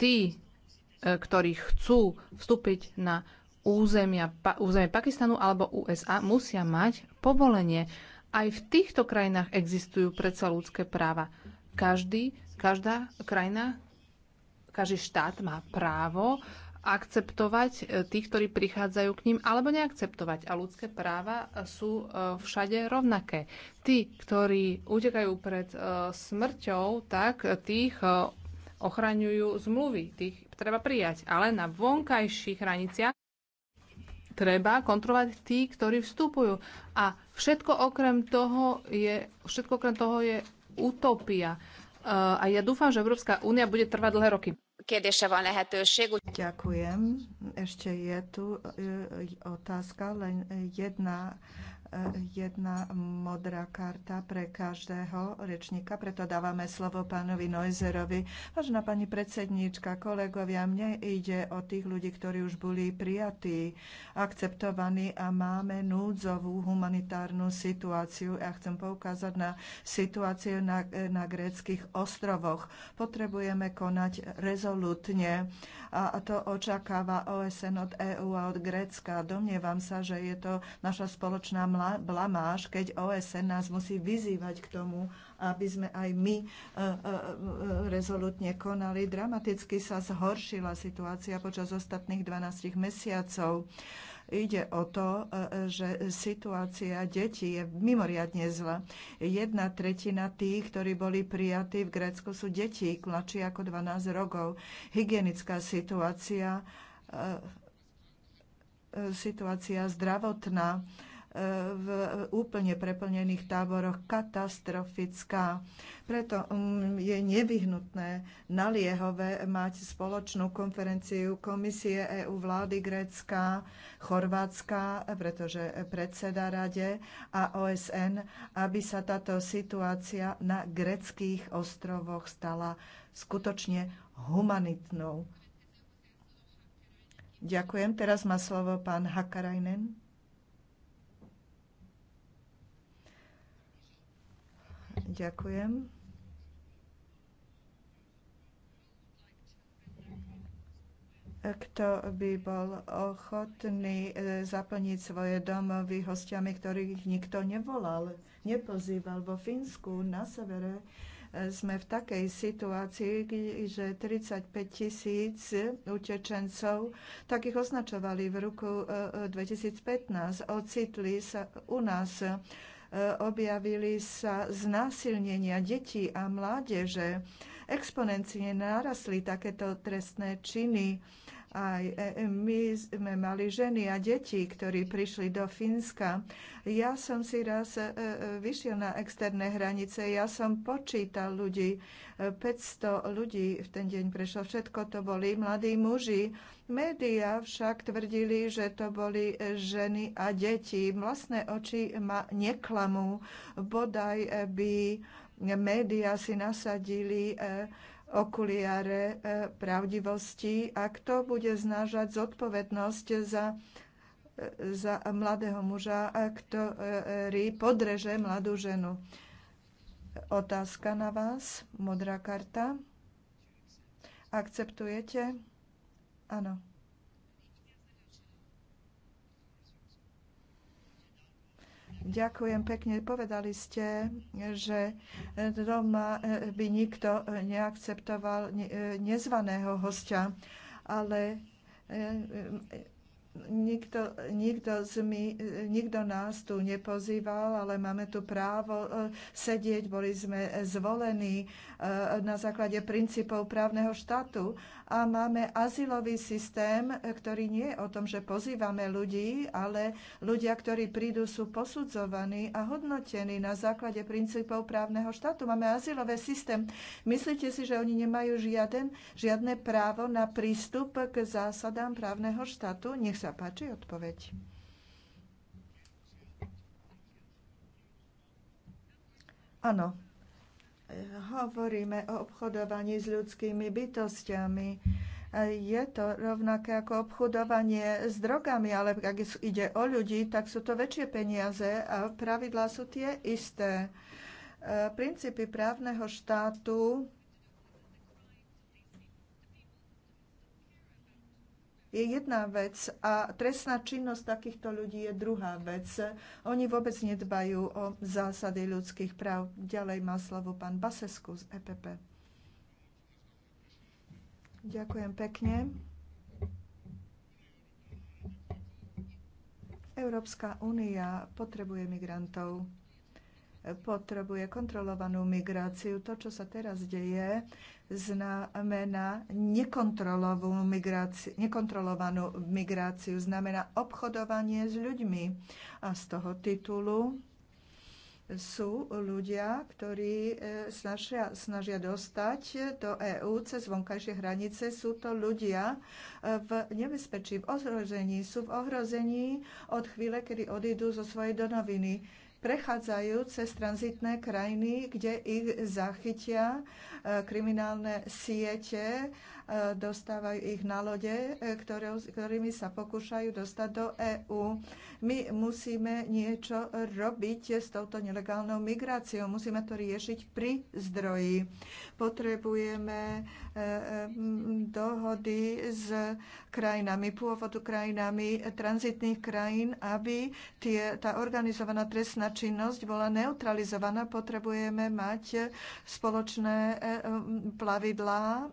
tí, e, ktorí chcú vstúpiť na územia, územie Pakistanu alebo USA, musia mať povolenie. Aj v týchto krajinách existujú predsa ľudské práva. Každý, každá krajina, každý štát má právo akceptovať e, tých, ktorí prichádzajú k ním, alebo neakceptovať. A ľudské práva sú e, všade rovnaké. Tí, ktorí utekajú pred smrťou, tak tých ochraňujú zmluvy. Tých treba prijať. Ale na vonkajších hraniciach treba kontrolovať tí, ktorí vstupujú. A všetko okrem toho je, všetko okrem toho je utopia. Eh, a ja dúfam, že Európska únia bude trvať dlhé roky. Ďakujem. Ešte je tu eh, otázka, len jedna jedna modrá karta pre každého rečníka, preto dávame slovo pánovi Noizerovi. Vážená pani predsedníčka, kolegovia, mne ide o tých ľudí, ktorí už boli prijatí, akceptovaní a máme núdzovú humanitárnu situáciu. Ja chcem poukázať na situáciu na, na gréckých ostrovoch. Potrebujeme konať rezolutne a to očakáva OSN od EÚ a od Grécka. Domnievam sa, že je to naša spoločná blamáž, keď OSN nás musí vyzývať k tomu, aby sme aj my e, e, e, rezolutne konali. Dramaticky sa zhoršila situácia počas ostatných 12 mesiacov. Ide o to, e, že situácia detí je mimoriadne zlá. Jedna tretina tých, ktorí boli prijatí v Grécku, sú deti mladší ako 12 rokov. Hygienická situácia, e, e, situácia zdravotná, E, v úplne preplnených táboroch katastrofická. Preto mm, je nevyhnutné naliehové mať spoločnú konferenciu Komisie EU vlády Grécka, Chorvátska, pretože predseda rade a OSN, aby sa táto situácia na greckých ostrovoch stala skutočne humanitnou. Ďakujem. Teraz má slovo pán Hakarajnen. Ďakujem. Kto by bol ochotný e, zaplniť svoje domovy hostiami, ktorých nikto nevolal, nepozýval vo Fínsku na severe? E, sme v takej situácii, že 35 tisíc utečencov, takých označovali v roku 2015, e, ocitli sa u nás objavili sa znásilnenia detí a mládeže. Exponenciálne narastli takéto trestné činy aj e, e, my sme mali ženy a deti, ktorí prišli do Fínska. Ja som si raz e, vyšiel na externé hranice, ja som počítal ľudí. 500 ľudí v ten deň prešlo. Všetko to boli mladí muži. Média však tvrdili, že to boli ženy a deti. Vlastné oči ma neklamú. Bodaj by média si nasadili okuliare e, pravdivosti, A kto bude znážať zodpovednosť za, e, za mladého muža, ktorý e, podreže mladú ženu. Otázka na vás, modrá karta. Akceptujete? Áno. Ďakujem pekne. Povedali ste, že doma e, by nikto neakceptoval e, nezvaného hostia, ale e, Nikto, nikto, z my, nikto nás tu nepozýval, ale máme tu právo e, sedieť. Boli sme zvolení e, na základe princípov právneho štátu a máme azylový systém, ktorý nie je o tom, že pozývame ľudí, ale ľudia, ktorí prídu, sú posudzovaní a hodnotení na základe princípov právneho štátu. Máme azylový systém. Myslíte si, že oni nemajú žiaden, žiadne právo na prístup k zásadám právneho štátu? Nech sa páči odpoveď. Áno, hovoríme o obchodovaní s ľudskými bytostiami je to rovnaké ako obchodovanie s drogami, ale ak ide o ľudí, tak sú to väčšie peniaze a pravidlá sú tie isté. E, princípy právneho štátu je jedna vec a trestná činnosť takýchto ľudí je druhá vec. Oni vôbec nedbajú o zásady ľudských práv. Ďalej má slovo pán Basesku z EPP. Ďakujem pekne. Európska únia potrebuje migrantov potrebuje kontrolovanú migráciu. To, čo sa teraz deje, znamená nekontrolovanú migráciu, nekontrolovanú migráciu, znamená obchodovanie s ľuďmi. A z toho titulu sú ľudia, ktorí e, snažia, snažia dostať do EÚ cez vonkajšie hranice. Sú to ľudia e, v nebezpečí, v ohrození. Sú v ohrození od chvíle, kedy odídu zo svojej donoviny prechádzajú cez tranzitné krajiny, kde ich zachytia e, kriminálne siete dostávajú ich na lode, ktorými sa pokúšajú dostať do EÚ. My musíme niečo robiť s touto nelegálnou migráciou. Musíme to riešiť pri zdroji. Potrebujeme e, e, dohody s krajinami pôvodu, krajinami tranzitných krajín, aby tie, tá organizovaná trestná činnosť bola neutralizovaná. Potrebujeme mať spoločné e, plavidlá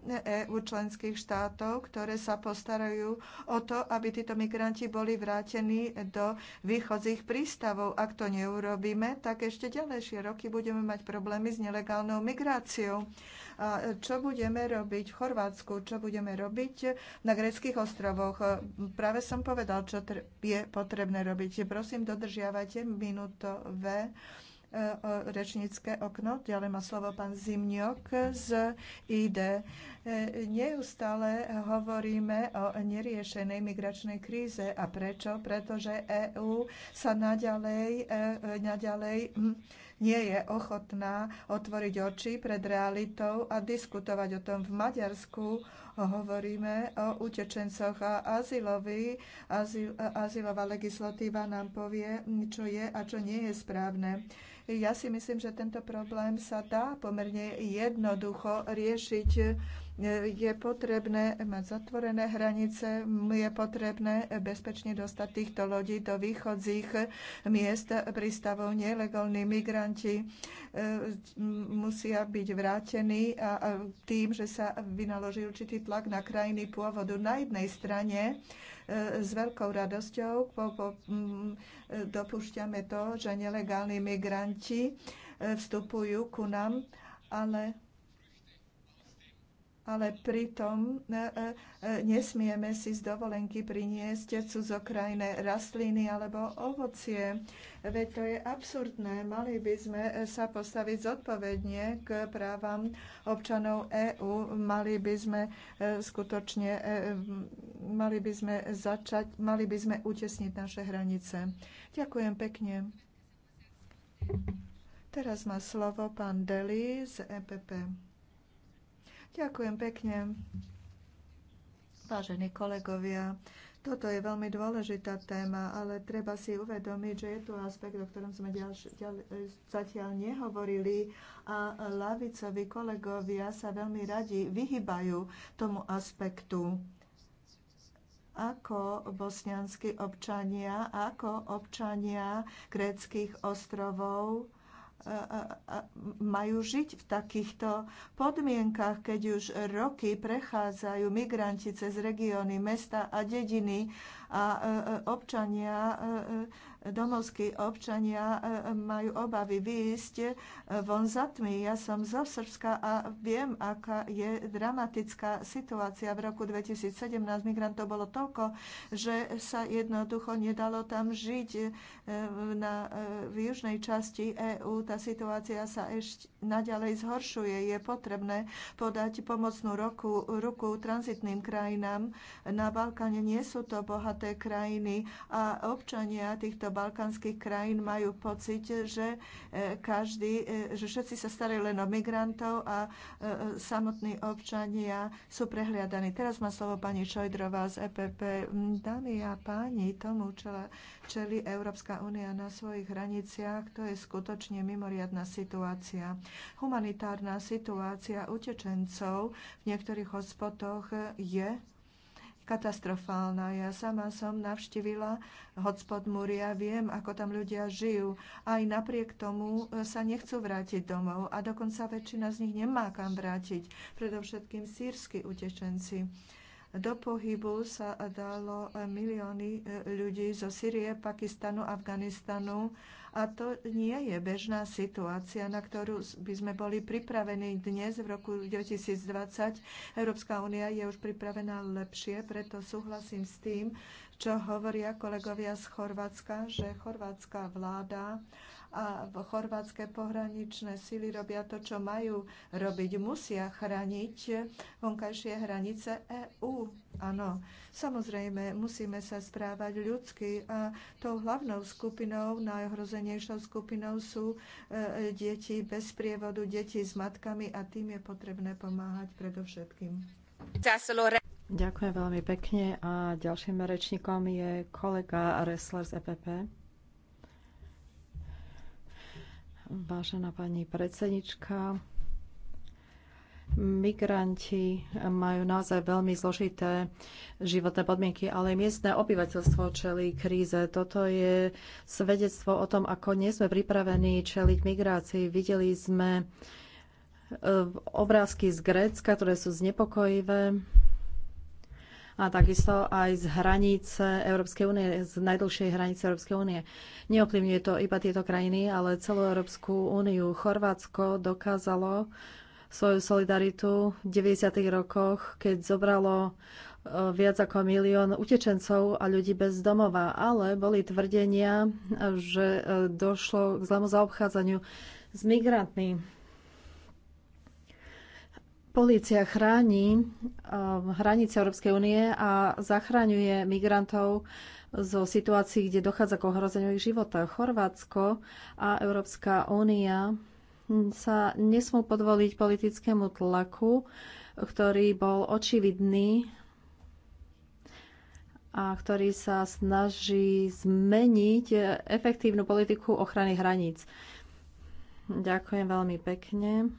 EU člen členských štátov, ktoré sa postarajú o to, aby títo migranti boli vrátení do východzích prístavov. Ak to neurobíme, tak ešte ďalejšie roky budeme mať problémy s nelegálnou migráciou. A čo budeme robiť v Chorvátsku? Čo budeme robiť na greckých ostrovoch? Práve som povedal, čo je potrebné robiť. Prosím, dodržiavajte minútové rečnícke okno. Ďalej má slovo pán Zimňok z ID. Neustále hovoríme o neriešenej migračnej kríze. A prečo? Pretože EÚ sa naďalej, e, naďalej hm, nie je ochotná otvoriť oči pred realitou a diskutovať o tom. V Maďarsku hovoríme o utečencoch a azylovi. Azyl, azylová legislatíva nám povie, čo je a čo nie je správne. Ja si myslím, že tento problém sa dá pomerne jednoducho riešiť je potrebné mať zatvorené hranice, je potrebné bezpečne dostať týchto lodí do východzích miest prístavov. Nelegálni migranti e, musia byť vrátení a tým, že sa vynaloží určitý tlak na krajiny pôvodu. Na jednej strane e, s veľkou radosťou mm, dopúšťame to, že nelegálni migranti e, vstupujú ku nám, ale ale pritom e, e, e, nesmieme si z dovolenky priniesť cudzokrajné rastliny alebo ovocie. Veď to je absurdné. Mali by sme sa postaviť zodpovedne k právam občanov EÚ. Mali by sme skutočne mali by sme začať, mali by sme utesniť naše hranice. Ďakujem pekne. Teraz má slovo pán Deli z EPP. Ďakujem pekne. Vážení kolegovia, toto je veľmi dôležitá téma, ale treba si uvedomiť, že je tu aspekt, o ktorom sme ďalš, ďal, zatiaľ nehovorili a lavicovi kolegovia sa veľmi radi vyhybajú tomu aspektu ako bosnianskí občania, ako občania gréckých ostrovov majú žiť v takýchto podmienkach, keď už roky prechádzajú migranti cez regióny, mesta a dediny a e, e, občania e, domovskí občania e, e, majú obavy výjsť e, von za tmy. Ja som zo Srbska a viem, aká je dramatická situácia. V roku 2017 migrantov bolo toľko, že sa jednoducho nedalo tam žiť. Na, v južnej časti EÚ tá situácia sa ešte naďalej zhoršuje. Je potrebné podať pomocnú roku, ruku tranzitným krajinám. Na Balkáne nie sú to bohaté krajiny a občania týchto balkánskych krajín majú pocit, že, e, každý, e, že všetci sa starajú len o migrantov a e, samotní občania sú prehliadaní. Teraz má slovo pani Čojdrová z EPP. Mm, dámy a páni, tomu čela, čeli Európska únia na svojich hraniciach, to je skutočne mimoriadná situácia. Humanitárna situácia utečencov v niektorých hospotoch je katastrofálna. Ja sama som navštívila hotspot Muria, viem, ako tam ľudia žijú. Aj napriek tomu e, sa nechcú vrátiť domov a dokonca väčšina z nich nemá kam vrátiť, predovšetkým sírsky utečenci. Do pohybu sa dalo milióny e, ľudí zo Syrie, Pakistanu, Afganistanu a to nie je bežná situácia, na ktorú by sme boli pripravení dnes v roku 2020. Európska únia je už pripravená lepšie, preto súhlasím s tým, čo hovoria kolegovia z Chorvátska, že chorvátska vláda a chorvátske pohraničné sily robia to, čo majú robiť. Musia chrániť vonkajšie hranice EÚ. Áno, samozrejme, musíme sa správať ľudsky a tou hlavnou skupinou, najohrozenejšou skupinou sú e, deti bez prievodu, deti s matkami a tým je potrebné pomáhať predovšetkým. Ďakujem veľmi pekne a ďalším rečníkom je kolega Ressler z EPP. vážená pani predsednička. Migranti majú naozaj veľmi zložité životné podmienky, ale miestne obyvateľstvo čelí kríze. Toto je svedectvo o tom, ako nie sme pripravení čeliť migrácii. Videli sme e, obrázky z Grécka, ktoré sú znepokojivé a takisto aj z hranice Európskej únie, z najdlhšej hranice Európskej únie. Neoplivňuje to iba tieto krajiny, ale celú Európsku úniu. Chorvátsko dokázalo svoju solidaritu v 90. rokoch, keď zobralo e, viac ako milión utečencov a ľudí bez domova, ale boli tvrdenia, že e, došlo k zlému zaobchádzaniu s migrantmi. Polícia chráni eh, hranice Európskej únie a zachraňuje migrantov zo situácií, kde dochádza k ohrozeniu ich života. Chorvátsko a Európska únia sa nesmú podvoliť politickému tlaku, ktorý bol očividný a ktorý sa snaží zmeniť efektívnu politiku ochrany hraníc. Ďakujem veľmi pekne.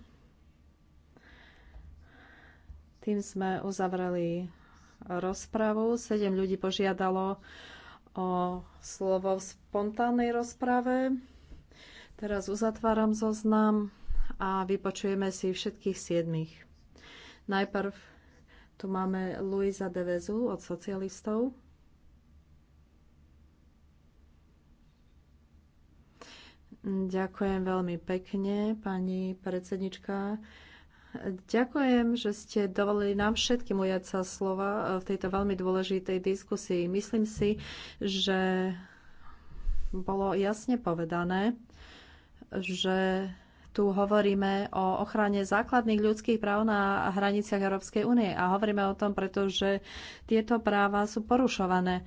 Tým sme uzavreli rozpravu. Sedem ľudí požiadalo o slovo v spontánnej rozprave. Teraz uzatváram zoznam a vypočujeme si všetkých siedmých. Najprv tu máme Luisa Devezu od socialistov. Ďakujem veľmi pekne, pani predsednička. Ďakujem, že ste dovolili nám všetkým ujať sa slova v tejto veľmi dôležitej diskusii. Myslím si, že bolo jasne povedané, že tu hovoríme o ochrane základných ľudských práv na hraniciach Európskej únie. A hovoríme o tom, pretože tieto práva sú porušované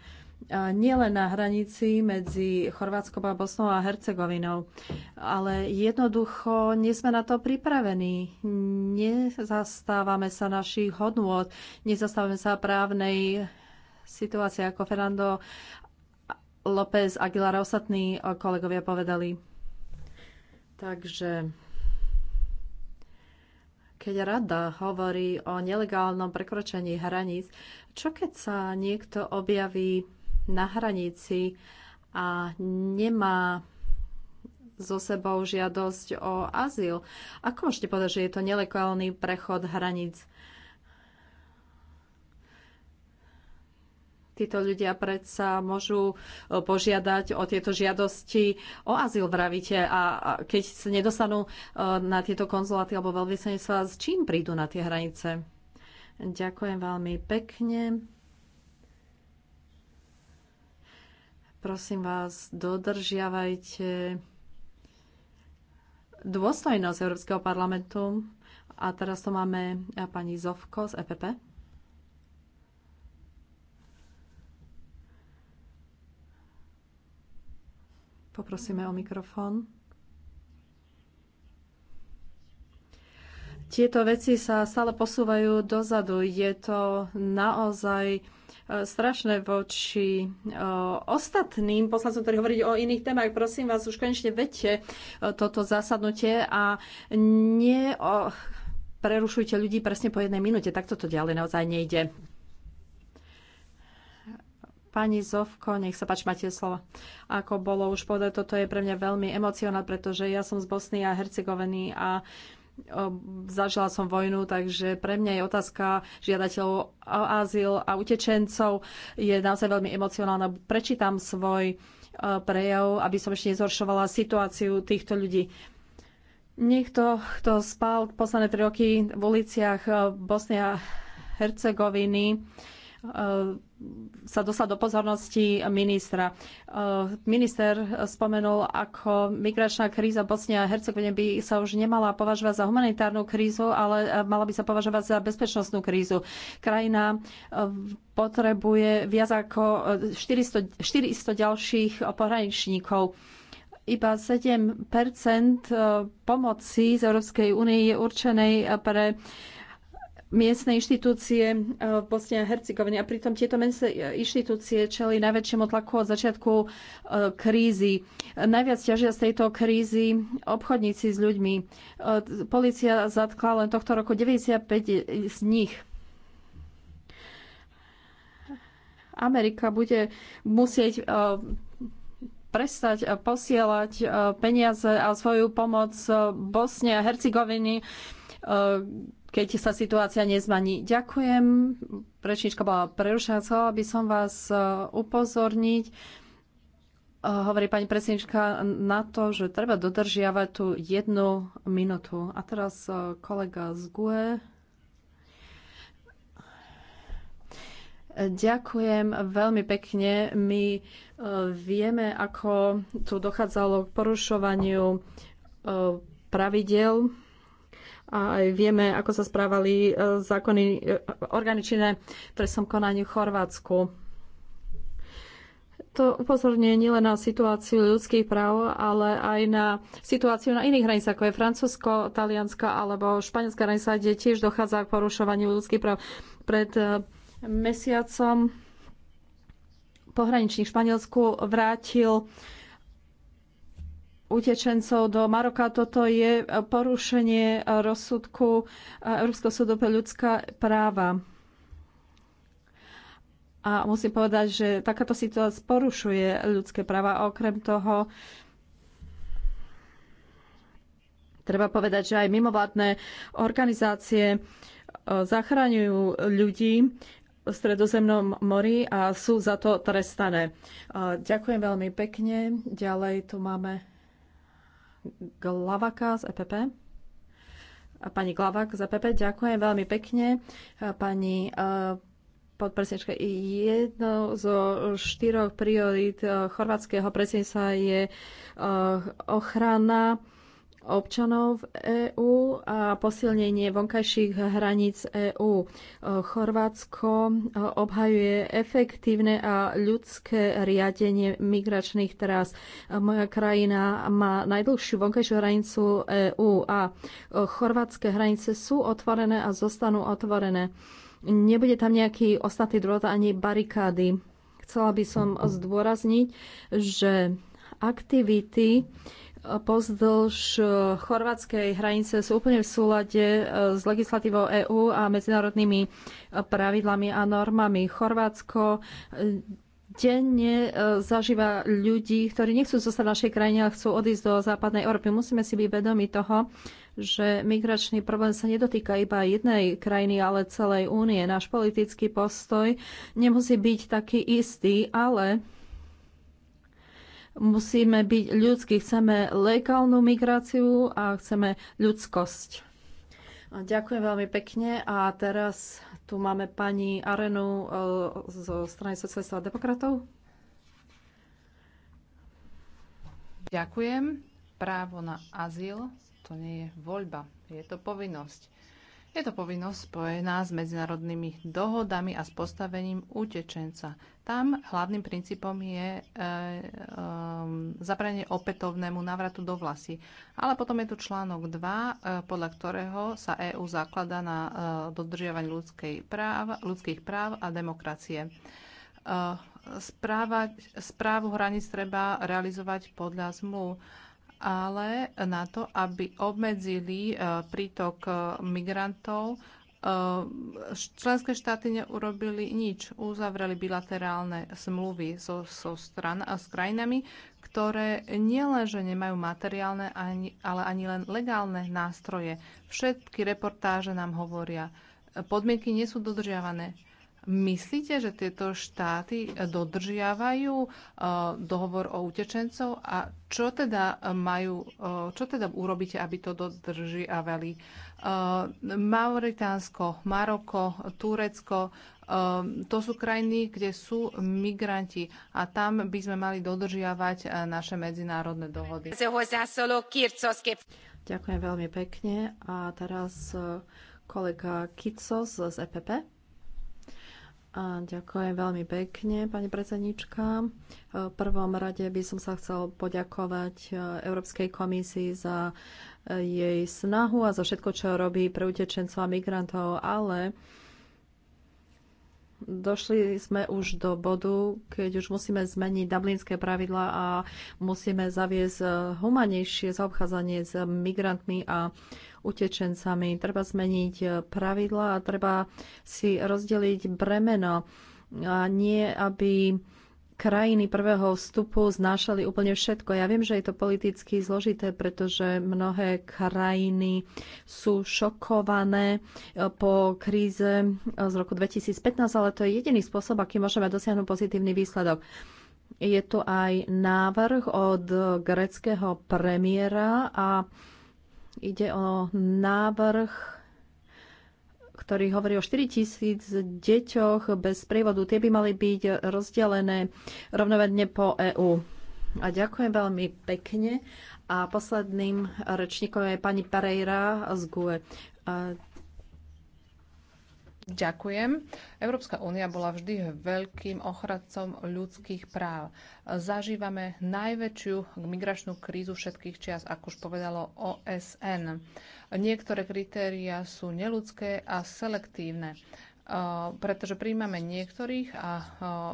nielen na hranici medzi Chorvátskom a Bosnou a Hercegovinou. Ale jednoducho nie sme na to pripravení. Nezastávame sa našich hodnôt, nezastávame sa právnej situácie, ako Fernando López Aguilar a ostatní kolegovia povedali. Takže keď rada hovorí o nelegálnom prekročení hraníc, čo keď sa niekto objaví na hranici a nemá so sebou žiadosť o azyl. Ako môžete povedať, že je to nelegálny prechod hraníc? Títo ľudia predsa môžu e, požiadať o tieto žiadosti o azyl, vravíte. A keď sa nedostanú e, na tieto konzuláty alebo veľvyslenie s čím prídu na tie hranice? Ďakujem veľmi pekne. Prosím vás, dodržiavajte dôstojnosť Európskeho parlamentu. A teraz to máme eh, pani Zovko z EPP. Poprosíme o mikrofón. Tieto veci sa stále posúvajú dozadu. Je to naozaj strašné voči ostatným poslancom, ktorí hovorí o iných témach. Prosím vás, už konečne vedte toto zasadnutie a nie prerušujte ľudí presne po jednej minúte. Takto to ďalej naozaj nejde. Pani Zovko, nech sa páči, máte slovo. Ako bolo už povedať, toto je pre mňa veľmi emocionálne, pretože ja som z Bosny a Hercegoviny a uh, zažila som vojnu, takže pre mňa je otázka žiadateľov o azyl a utečencov je naozaj veľmi emocionálna. Prečítam svoj e, prejav, aby som ešte nezhoršovala situáciu týchto ľudí. Niekto, kto spal posledné tri roky v uliciach e, Bosnia a Hercegoviny, e, sa dostal do pozornosti ministra. E, minister spomenul, ako migračná kríza Bosnia a Hercegovine by sa už nemala považovať za humanitárnu krízu, ale e, mala by sa považovať za bezpečnostnú krízu. Krajina e, potrebuje viac ako 400, 400 ďalších pohraničníkov iba 7 pomoci z Európskej únie je určenej pre miestne inštitúcie eh, v Bosne a Hercegovine. A pritom tieto miestne inštitúcie čeli najväčšiemu tlaku od začiatku eh, krízy. Najviac ťažia z tejto krízy obchodníci s ľuďmi. Eh, polícia zatkla len tohto roku 95 z nich. Amerika bude musieť prestať posielať peniaze a svoju pomoc Bosne a Hercegoviny keď sa situácia nezmaní. Ďakujem. Prečnička bola prerušená. Chcela by som vás e, upozorniť, e, hovorí pani predsednička, na to, že treba dodržiavať tú jednu minútu. A teraz e, kolega z GUE. Ďakujem veľmi pekne. My vieme, ako tu dochádzalo k porušovaniu pravidel a aj vieme, ako sa správali e, zákony e, organičné som konaniu v Chorvátsku. To upozorňuje nielen na situáciu ľudských práv, ale aj na situáciu na iných hranicách, ako je Francúzsko, Talianska alebo Španielská hranica, kde tiež dochádza k porušovaniu ľudských práv. Pred e, mesiacom pohraničník v Španielsku vrátil utečencov do Maroka. Toto je porušenie rozsudku Európskeho súdu pre ľudská práva. A musím povedať, že takáto situácia porušuje ľudské práva. Okrem toho, treba povedať, že aj mimovládne organizácie e, zachraňujú ľudí v Stredozemnom mori a sú za to trestané. E, ďakujem veľmi pekne. Ďalej tu máme Glavaka z EPP. Pani Glavak z EPP, ďakujem veľmi pekne. Pani e, podpresnečka, jednou zo štyroch priorít e, chorvátskeho predsednictva je e, ochrana občanov EÚ a posilnenie vonkajších hraníc EÚ. Chorvátsko e, obhajuje efektívne a ľudské riadenie migračných trás. E, moja krajina má najdlhšiu vonkajšiu hranicu EÚ a e, chorvátske hranice sú otvorené a zostanú otvorené. Nebude tam nejaký ostatný drôt ani barikády. Chcela by som zdôrazniť, že aktivity pozdĺž eh, chorvátskej hranice sú úplne v súlade eh, s legislatívou EÚ a medzinárodnými eh, pravidlami a normami. Chorvátsko denne zažíva ľudí, ktorí nechcú zostať v našej krajine, ale chcú odísť do západnej Európy. Musíme si byť vedomi toho, že migračný problém sa nedotýka iba jednej krajiny, ale celej únie. Náš politický postoj nemusí byť taký istý, ale Musíme byť ľudskí, chceme legálnu migráciu a chceme ľudskosť. Ďakujem veľmi pekne a teraz tu máme pani Arenu eh, zo strany socialistov a demokratov. Ďakujem. Právo na azyl to nie je voľba, je to povinnosť. Je to povinnosť spojená s medzinárodnými dohodami a s postavením utečenca. Tam hlavným princípom je e, e, zabranie opätovnému návratu do vlasy. Ale potom je tu článok 2, e, podľa ktorého sa EÚ zaklada na e, dodržiavanie práv, ľudských práv a demokracie. E, správa, správu hraníc treba realizovať podľa zmluv ale na to, aby obmedzili e, prítok e, migrantov. E, členské štáty neurobili nič. Uzavreli bilaterálne smluvy so, so stran, s krajinami, ktoré nielenže nemajú materiálne, ani, ale ani len legálne nástroje. Všetky reportáže nám hovoria, podmienky nie sú dodržiavané Myslíte, že tieto štáty dodržiavajú e, dohovor o utečencov a čo teda, e, majú, e, čo teda urobíte, aby to dodržiavali? Mauritánsko, Maroko, Turecko, to sú krajiny, kde sú migranti a tam by sme mali dodržiavať naše medzinárodné dohody. Ďakujem veľmi pekne a teraz kolega Kicos z EPP. A ďakujem veľmi pekne, pani predsednička. V prvom rade by som sa chcel poďakovať e, Európskej komisii za e, jej snahu a za všetko, čo robí pre utečencov a migrantov, ale došli sme už do bodu, keď už musíme zmeniť dublinské pravidla a musíme zaviesť e, humanejšie zaobchádzanie s migrantmi a utečencami. Treba zmeniť eh, pravidla a treba si rozdeliť bremeno. A nie, aby krajiny prvého vstupu znášali úplne všetko. Ja viem, že je to politicky zložité, pretože mnohé krajiny sú šokované eh, po kríze eh, z roku 2015, ale to je jediný spôsob, aký môžeme dosiahnuť pozitívny výsledok. Je tu aj návrh od greckého premiéra a Ide o návrh ktorý hovorí o 4 tisíc deťoch bez prievodu. Tie by mali byť rozdelené rovnovedne po EÚ. A ďakujem veľmi pekne. A posledným rečníkom je pani Pereira z GUE. Ďakujem. Európska únia bola vždy veľkým ochradcom ľudských práv. Zažívame najväčšiu migračnú krízu všetkých čias, ako už povedalo OSN. Niektoré kritéria sú neludské a selektívne, eh, pretože príjmame niektorých a eh,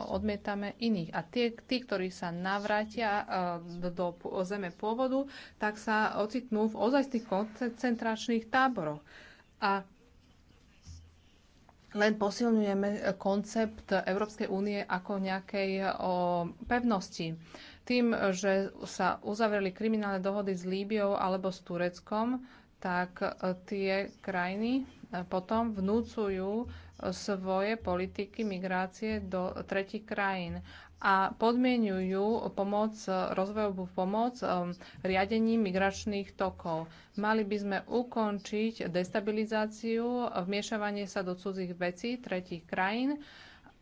odmietame iných. A tie, tí, ktorí sa navrátia eh, do zeme pôvodu, tak sa ocitnú v ozajstných koncentračných táboroch. A len posilňujeme koncept Európskej únie ako nejakej eh, o, pevnosti. Tým, že sa uzavreli kriminálne dohody s Líbiou alebo s Tureckom, tak eh, tie krajiny eh, potom vnúcujú svoje politiky migrácie do tretich krajín a podmienujú pomoc, rozvojovú pomoc um, riadením migračných tokov. Mali by sme ukončiť destabilizáciu, vmiešavanie sa do cudzích vecí tretich krajín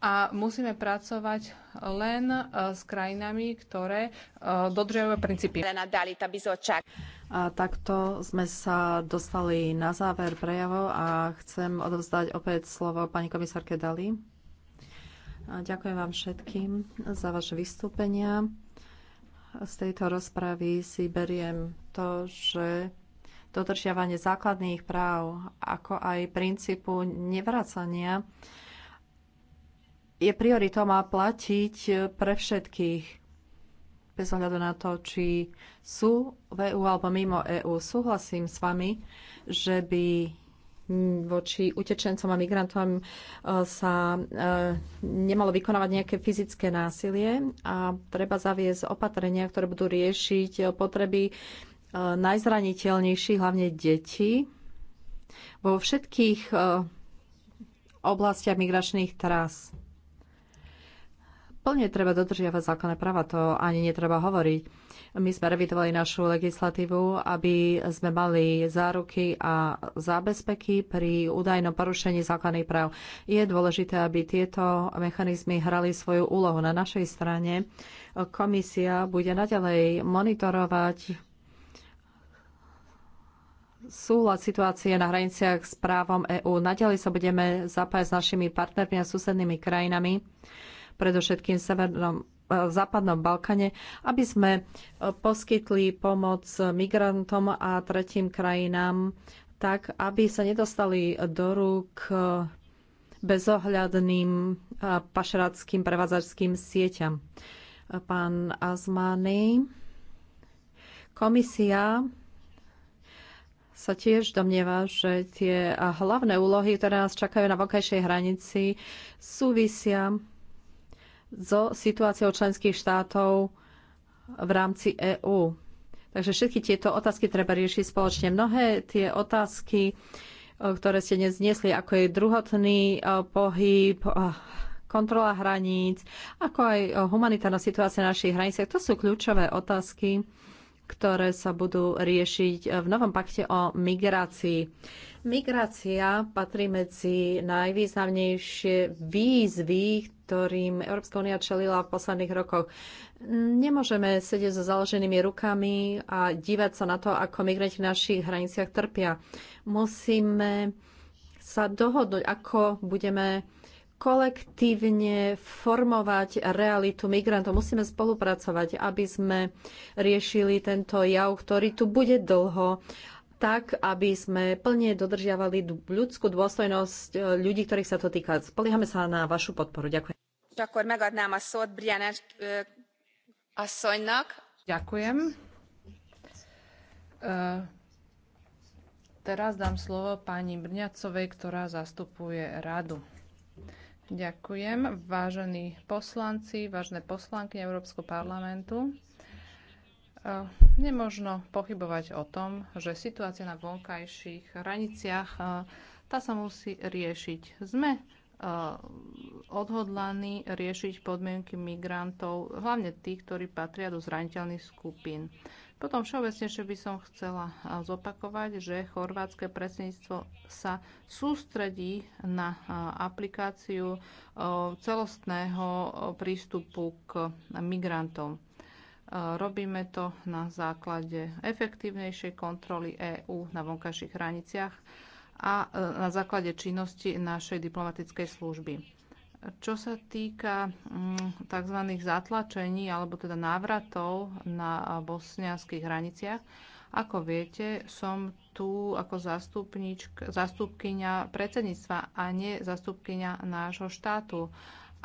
a musíme pracovať len uh, s krajinami, ktoré uh, dodržiavajú princípy. A takto sme sa dostali na záver prejavov a chcem odovzdať opäť slovo pani komisárke Dali. Ďakujem vám všetkým za vaše vystúpenia. Z tejto rozpravy si beriem to, že dodržiavanie základných práv, ako aj princípu nevracania, je prioritou a platiť pre všetkých bez ohľadu na to, či sú v EÚ alebo mimo EÚ. Súhlasím s vami, že by voči utečencom a migrantom e, sa e, nemalo vykonávať nejaké fyzické násilie a treba zaviesť opatrenia, ktoré budú riešiť e, potreby najzraniteľnejších, hlavne detí, vo všetkých oblastiach migračných trás plne treba dodržiavať zákonné práva, to ani netreba hovoriť. My sme revidovali našu legislatívu, aby sme mali záruky a zábezpeky pri údajnom porušení základných práv. Je dôležité, aby tieto mechanizmy hrali svoju úlohu na našej strane. Komisia bude naďalej monitorovať súhlad situácie na hraniciach s právom EÚ. Naďalej sa budeme zapájať s našimi partnermi a susednými krajinami predovšetkým v Severnom e, v západnom Balkane, aby sme e, poskytli pomoc migrantom a tretím krajinám tak, aby sa nedostali do rúk e, bezohľadným pašeráckým prevádzačským sieťam. Pán Azmany, komisia sa tiež domnieva, že tie hlavné úlohy, ktoré nás čakajú na vonkajšej hranici, súvisia so situáciou členských štátov v rámci EÚ. Takže všetky tieto otázky treba riešiť spoločne. Mnohé tie otázky, e, ktoré ste dnes zniesli, ako je druhotný e, pohyb, e, kontrola hraníc, ako aj humanitárna situácia na našich hraniciach, to sú kľúčové otázky, ktoré sa budú riešiť v novom pakte o migrácii. Migrácia patrí medzi najvýznamnejšie výzvy, ktorým Európska únia čelila v posledných rokoch. Nemôžeme sedieť so založenými rukami a dívať sa na to, ako migranti v našich hraniciach trpia. Musíme sa dohodnúť, ako budeme kolektívne formovať realitu migrantov. Musíme spolupracovať, aby sme riešili tento jav, ktorý tu bude dlho tak, aby sme plne dodržiavali ľudskú dôstojnosť e, ľudí, ktorých sa to týka. Spoliehame sa na vašu podporu. Ďakujem. E, Ďakujem. E, teraz dám slovo pani Brňacovej, ktorá zastupuje radu. Ďakujem. Vážení poslanci, vážne poslanky Európskeho parlamentu, eh, nemožno pochybovať o tom, že situácia na vonkajších hraniciach eh, tá sa musí riešiť. Sme Eh, odhodlaní riešiť podmienky migrantov, hlavne tých, ktorí patria do zraniteľných skupín. Potom všeobecnejšie by som chcela eh, zopakovať, že chorvátske predsedníctvo sa sústredí na eh, aplikáciu celostného prístupu k migrantom. Robíme to na základe efektívnejšej kontroly EÚ na vonkajších hraniciach a e, na základe činnosti našej diplomatickej služby. Čo sa týka mm, tzv. zatlačení alebo teda návratov na bosnianských hraniciach, ako viete, som tu ako zastupkynia predsedníctva a nie zastupkynia nášho štátu.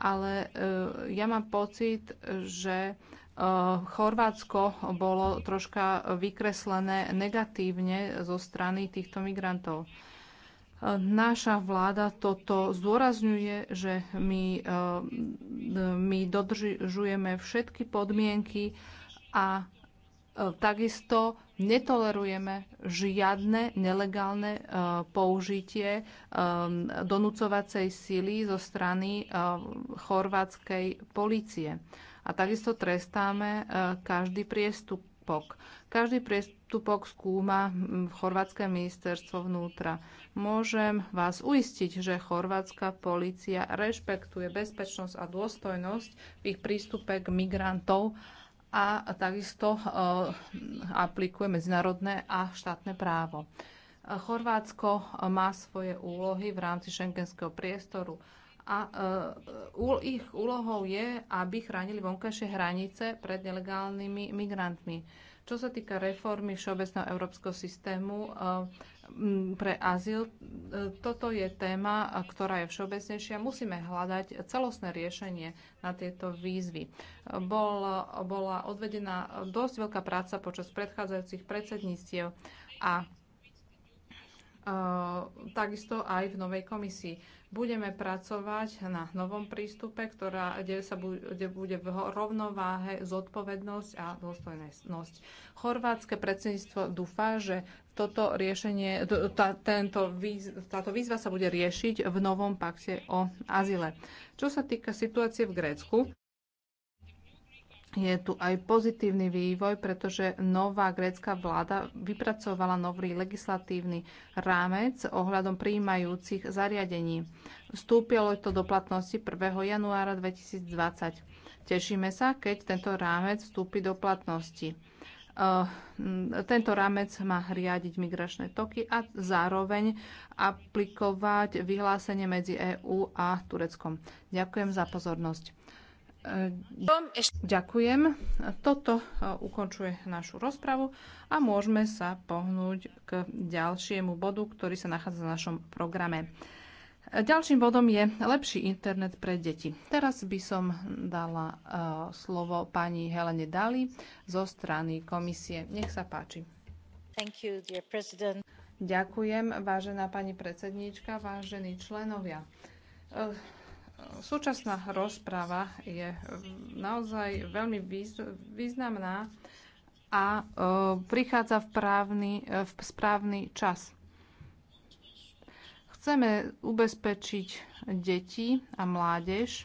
Ale e, ja mám pocit, že e, Chorvátsko bolo troška vykreslené negatívne zo strany týchto migrantov. Naša vláda toto zdôrazňuje, že my, e, my dodržujeme všetky podmienky a e, takisto netolerujeme žiadne nelegálne e, použitie donúcovacej sily zo strany chorvátskej policie. A takisto trestáme každý priestup, prestupok. Každý priestupok skúma hm, chorvátske ministerstvo vnútra. Môžem vás uistiť, že chorvátska policia rešpektuje bezpečnosť a dôstojnosť v ich prístupe k migrantov a takisto e, aplikuje medzinárodné a štátne právo. Chorvátsko má svoje úlohy v rámci šengenského priestoru a uh, ich úlohou je, aby chránili vonkajšie hranice pred nelegálnymi migrantmi. Čo sa týka reformy Všeobecného európskeho systému e, pre azyl, e, toto je téma, ktorá je všeobecnejšia. Musíme hľadať celostné riešenie na tieto výzvy. Bol, bola odvedená dosť veľká práca počas predchádzajúcich predsedníctiev a takisto aj v novej komisii Budeme pracovať na novom prístupe, ktorá, kde, sa bude, kde bude v rovnováhe zodpovednosť a dôstojnosť. Chorvátske predsedníctvo dúfa, že toto riešenie, tá, tento, táto výzva sa bude riešiť v novom pakte o azile. Čo sa týka situácie v Grécku, je tu aj pozitívny vývoj, pretože nová grécka vláda vypracovala nový legislatívny rámec ohľadom príjmajúcich zariadení. Vstúpilo to do platnosti 1. januára 2020. Tešíme sa, keď tento rámec vstúpi do platnosti. Eh, tento rámec má riadiť migračné toky a zároveň aplikovať vyhlásenie medzi EÚ a Tureckom. Ďakujem za pozornosť. Ďakujem. Toto e, ukončuje našu rozpravu a môžeme sa pohnúť k ďalšiemu bodu, ktorý sa nachádza v našom programe. E, ďalším bodom je lepší internet pre deti. Teraz by som dala e, slovo pani Helene Dali zo strany komisie. Nech sa páči. You, Ďakujem, vážená pani predsedníčka, vážení členovia súčasná rozpráva je naozaj veľmi významná a e, prichádza v, právny, e, v správny čas. Chceme ubezpečiť deti a mládež, e,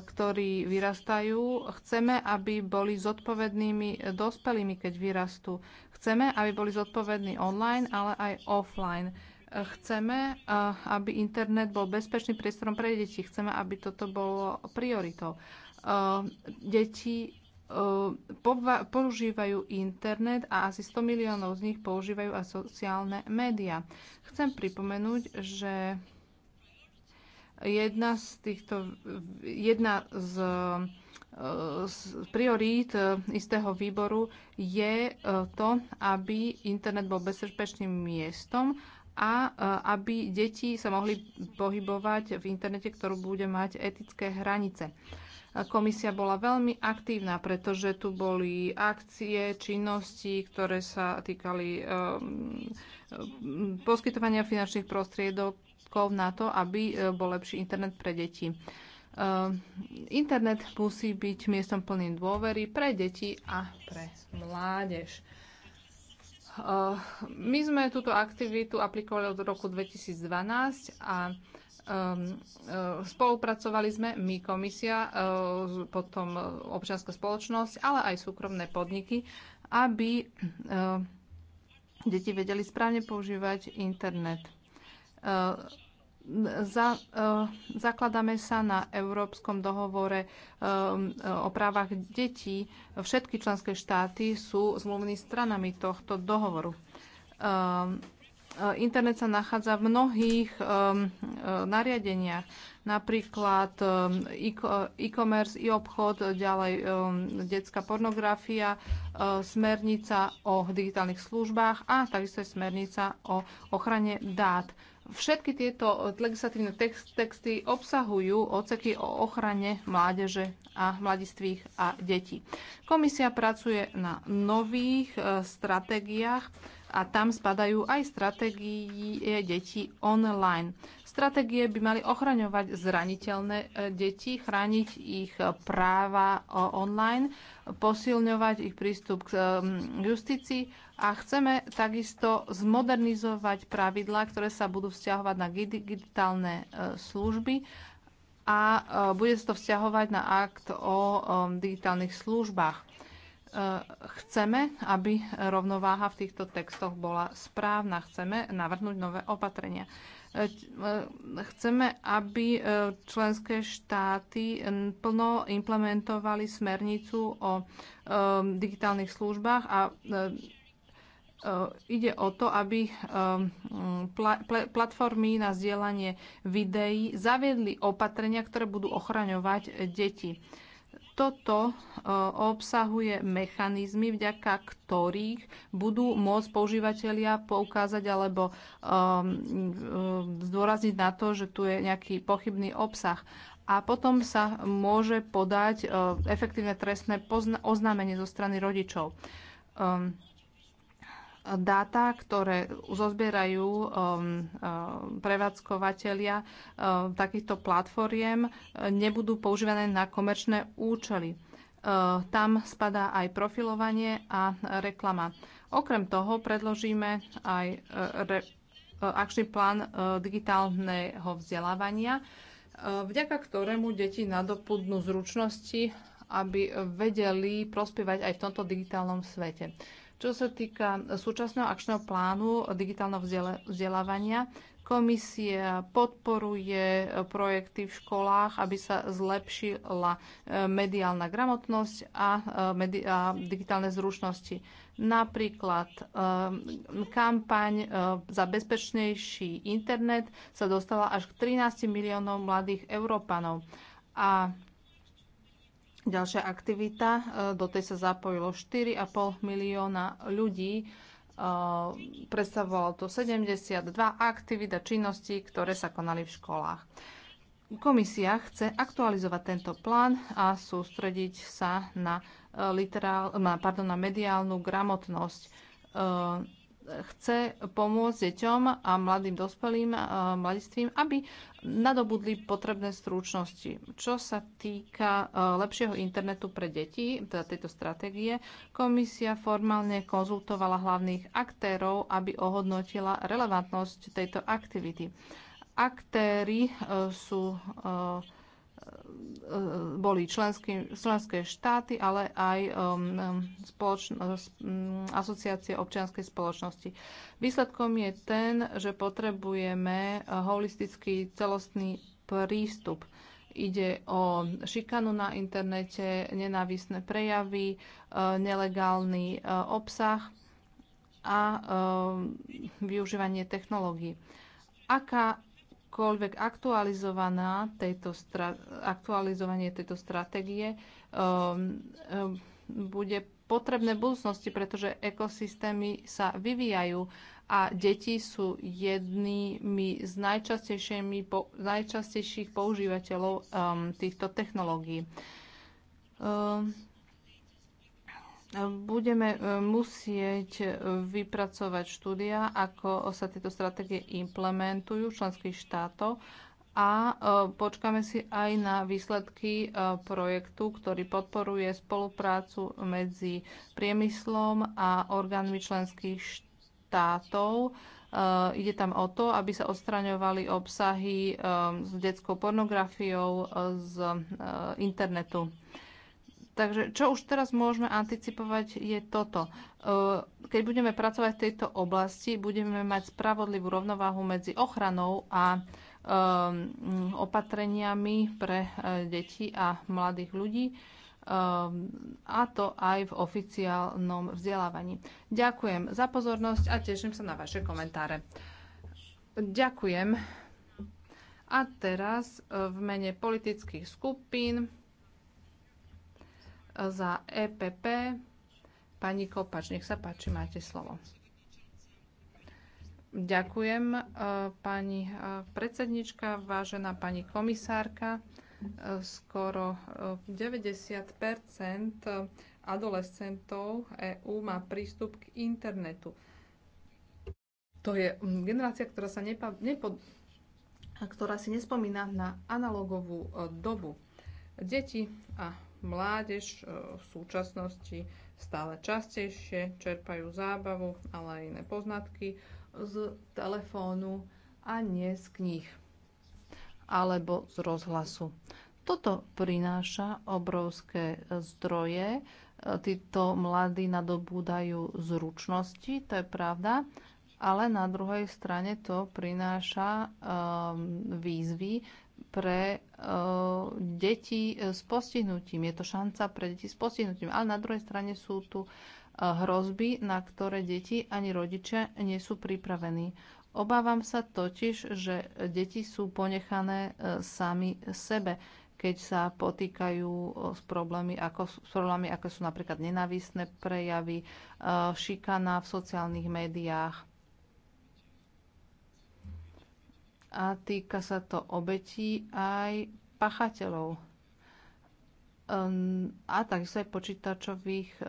ktorí vyrastajú. Chceme, aby boli zodpovednými dospelými, keď vyrastú. Chceme, aby boli zodpovední online, ale aj offline Chceme, aby internet bol bezpečným priestorom pre deti. Chceme, aby toto bolo prioritou. Deti používajú internet a asi 100 miliónov z nich používajú aj sociálne médiá. Chcem pripomenúť, že jedna z týchto, jedna z, z priorít istého výboru je to, aby internet bol bezpečným miestom a e, aby deti sa mohli pohybovať v internete, ktorú bude mať etické hranice. E, komisia bola veľmi aktívna, pretože tu boli akcie, činnosti, ktoré sa týkali um, poskytovania finančných prostriedokov na to, aby bol lepší internet pre deti. Um, internet musí byť miestom plným dôvery pre deti a pre mládež my sme túto aktivitu aplikovali od roku 2012 a Um, uh, spolupracovali sme my, komisia, uh, potom uh, občianská spoločnosť, ale aj súkromné podniky, aby deti vedeli správne používať internet za, eh, zakladáme sa na Európskom dohovore eh, o právach detí. Všetky členské štáty sú zmluvnými stranami tohto dohovoru. Eh, internet sa nachádza v mnohých nariadeniach, napríklad e-commerce, e-obchod, ďalej detská pornografia, smernica o digitálnych službách a takisto je smernica o ochrane dát. Všetky tieto e, legislatívne texty obsahujú oceky o ochrane mládeže a mladistvých a detí. Komisia pracuje na nových e, stratégiách a tam spadajú aj stratégie detí online. Stratégie by mali ochraňovať zraniteľné e, deti, chrániť ich e, práva e, online, posilňovať ich prístup k justícii a chceme takisto zmodernizovať pravidlá, ktoré sa budú vzťahovať na digitálne služby a bude sa to vzťahovať na akt o digitálnych službách. Chceme, aby rovnováha v týchto textoch bola správna. Chceme navrhnúť nové opatrenia. E, chceme, aby e, členské štáty plno implementovali smernicu o e, digitálnych službách a ide o to, aby platformy na zdieľanie videí zaviedli opatrenia, ktoré budú ochraňovať deti toto e, obsahuje mechanizmy, vďaka ktorých budú môcť používateľia poukázať alebo um, e, zdôrazniť na to, že tu je nejaký pochybný obsah. A potom sa môže podať e, efektívne trestné oznámenie zo strany rodičov. Um, dáta, ktoré zozbierajú um, um, prevádzkovateľia um, takýchto platformiem, nebudú používané na komerčné účely. Uh, tam spadá aj profilovanie a reklama. Okrem toho predložíme aj uh, re, uh, akčný plán digitálneho vzdelávania, vďaka ktorému deti nadopudnú zručnosti, aby vedeli prospievať aj v tomto digitálnom svete. Čo sa týka súčasného akčného plánu digitálneho vzdelávania, komisia podporuje projekty v školách, aby sa zlepšila e, mediálna gramotnosť a, e, medi a digitálne zručnosti. Napríklad e, kampaň za bezpečnejší internet sa dostala až k 13 miliónov mladých Európanov. A Ďalšia aktivita, e, do tej sa zapojilo 4,5 milióna ľudí, e, predstavovalo to 72 aktivita činností, ktoré sa konali v školách. Komisia chce aktualizovať tento plán a sústrediť sa na, e, literál, na, pardon, na mediálnu gramotnosť chce pomôcť deťom a mladým dospelým, mladistvým, mladistvím, aby nadobudli potrebné stručnosti. Čo sa týka e, lepšieho internetu pre deti, teda tejto stratégie, komisia formálne konzultovala hlavných aktérov, aby ohodnotila relevantnosť tejto aktivity. Aktéry e, sú e, E, boli členský, členské štáty, ale aj um, e, spoločno, um, e, asociácie občianskej spoločnosti. Výsledkom je ten, že potrebujeme holistický celostný prístup. Ide o šikanu na internete, nenávisné prejavy, nelegálny obsah a um, využívanie technológií. Aká akákoľvek aktualizovaná tejto stra- aktualizovanie tejto stratégie um, um, bude potrebné v budúcnosti, pretože ekosystémy sa vyvíjajú a deti sú jednými z po, najčastejších používateľov um, týchto technológií. Um, budeme e, musieť e, vypracovať štúdia, ako sa tieto stratégie implementujú v členských štátoch a e, počkáme si aj na výsledky projektu, ktorý podporuje spoluprácu medzi priemyslom a orgánmi členských štátov. Ide tam o to, aby sa odstraňovali obsahy s detskou pornografiou z internetu. Takže čo už teraz môžeme anticipovať je toto. E, keď budeme pracovať v tejto oblasti, budeme mať spravodlivú rovnováhu medzi ochranou a e, opatreniami pre e, deti a mladých ľudí a to aj v oficiálnom vzdelávaní. Ďakujem za pozornosť a teším sa na vaše komentáre. Ďakujem. A teraz v mene politických skupín za EPP. Pani Kopač, nech sa páči, máte slovo. Ďakujem, e, pani e, predsednička, vážená pani komisárka. E, skoro 90 adolescentov EÚ má prístup k internetu. To je generácia, ktorá, sa nepa, nepo, ktorá si nespomína na analogovú dobu. Deti a Mládež e, v súčasnosti stále častejšie čerpajú zábavu, ale aj iné poznatky z telefónu a nie z kníh alebo z rozhlasu. Toto prináša obrovské zdroje. E, títo mladí nadobúdajú zručnosti, to je pravda, ale na druhej strane to prináša um, výzvy, pre uh, deti s postihnutím. Je to šanca pre deti s postihnutím. Ale na druhej strane sú tu uh, hrozby, na ktoré deti ani rodičia nie sú pripravení. Obávam sa totiž, že deti sú ponechané uh, sami sebe, keď sa potýkajú s problémy, ako, s problémy, ako sú napríklad nenávisné prejavy, šikana v sociálnych médiách a týka sa to obetí aj pachateľov ehm, a takisto aj počítačových e,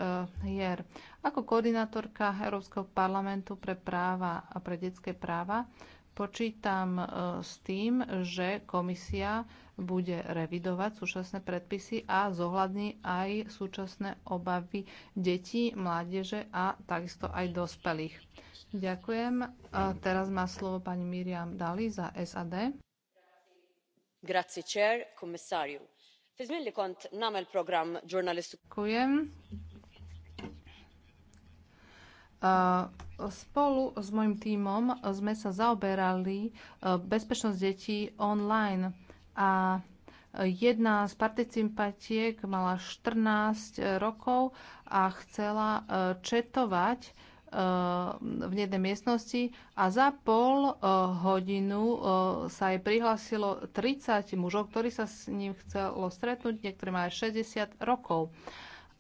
hier. Ako koordinátorka Európskeho parlamentu pre práva a pre detské práva počítam e, s tým, že komisia bude revidovať súčasné predpisy a zohľadní aj súčasné obavy detí, mládeže a takisto aj dospelých. Ďakujem. A teraz má slovo pani Miriam Dali za SAD. Grazie, chair, komisáriu. Fizmin kont namel program žurnalistu. Ďakujem. Spolu s mojim tímom sme sa zaoberali e, bezpečnosť detí online a jedna z participantiek mala 14 rokov a chcela e, četovať Eh, v jednej miestnosti a za pol eh, hodinu eh, sa jej prihlásilo 30 mužov, ktorí sa s ním chcelo stretnúť, niektorí majú 60 rokov.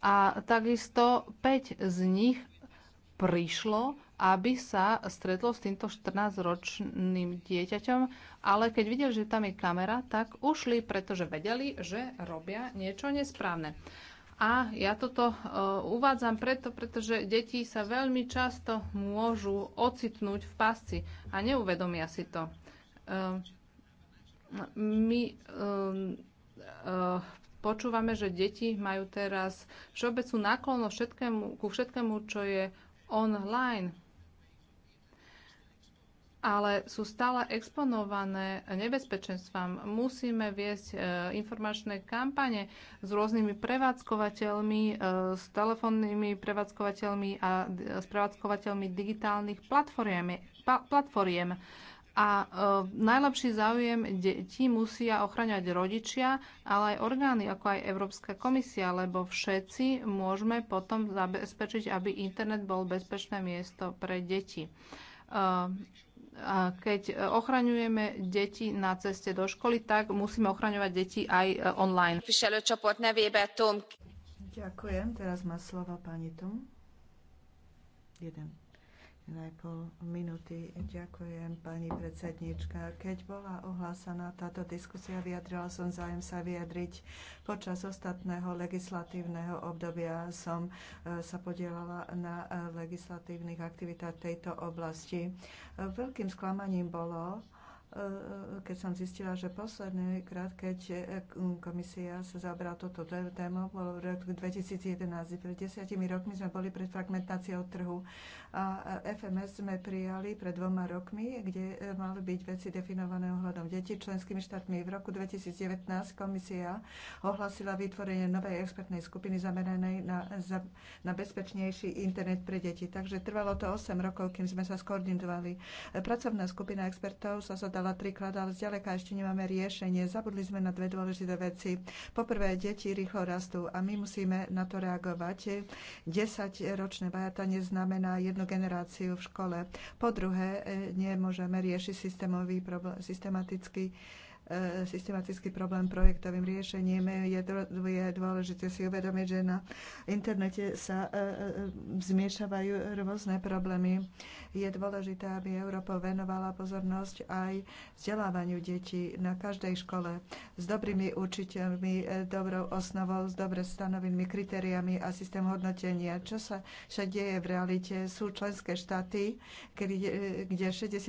A takisto 5 z nich prišlo, aby sa stretlo s týmto 14-ročným dieťaťom, ale keď videli, že tam je kamera, tak ušli, pretože vedeli, že robia niečo nesprávne. A ja toto uh, uvádzam preto, pretože deti sa veľmi často môžu ocitnúť v pasci a neuvedomia si to. Uh, my uh, počúvame, že deti majú teraz všeobecnú náklonnosť všetkému, ku všetkému, čo je online ale sú stále exponované nebezpečenstvám. Musíme viesť e, informačné kampane s rôznymi prevádzkovateľmi, e, s telefónnymi prevádzkovateľmi a s prevádzkovateľmi digitálnych platformiem. A e, najlepší záujem detí musia ochraňovať rodičia, ale aj orgány, ako aj Európska komisia, lebo všetci môžeme potom zabezpečiť, aby internet bol bezpečné miesto pre deti. E, keď e, ochraňujeme deti na ceste do školy, tak musíme ochraňovať deti aj e, online. Ďakujem. Teraz má slovo pani Tom. Jeden Najpol minúty. Ďakujem, pani predsednička. Keď bola ohlásaná táto diskusia, vyjadrila som zájem sa vyjadriť. Počas ostatného legislatívneho obdobia som e, sa podielala na e, legislatívnych aktivitách tejto oblasti. E, veľkým sklamaním bolo, E, e, keď som zistila, že posledný krát, keď e, um, komisia sa zabrala toto tému, bolo v roku 2011. Pred desiatimi rokmi sme boli pred fragmentáciou trhu a FMS sme prijali pred dvoma rokmi, kde mali byť veci definované ohľadom detí členskými štátmi. V roku 2019 komisia ohlasila vytvorenie novej expertnej skupiny zameranej na, za, na bezpečnejší internet pre deti. Takže trvalo to 8 rokov, kým sme sa skoordinovali. Pracovná skupina expertov sa zadala povedala trikrát, ale zďaleka ešte nemáme riešenie. Zabudli sme na dve dôležité veci. Poprvé, deti rýchlo rastú a my musíme na to reagovať. 10-ročné vajatanie znamená jednu generáciu v škole. Po druhé, e, nemôžeme riešiť systémový problém, systematický E, systematický problém projektovým riešením. Je, je dôležité si uvedomiť, že na internete sa e, e, zmiešavajú rôzne problémy. Je dôležité, aby Európa venovala pozornosť aj vzdelávaniu detí na každej škole s dobrými učiteľmi, dobrou osnovou, s dobre stanovenými kritériami a systém hodnotenia. Čo sa však deje v realite? Sú členské štáty, kde 60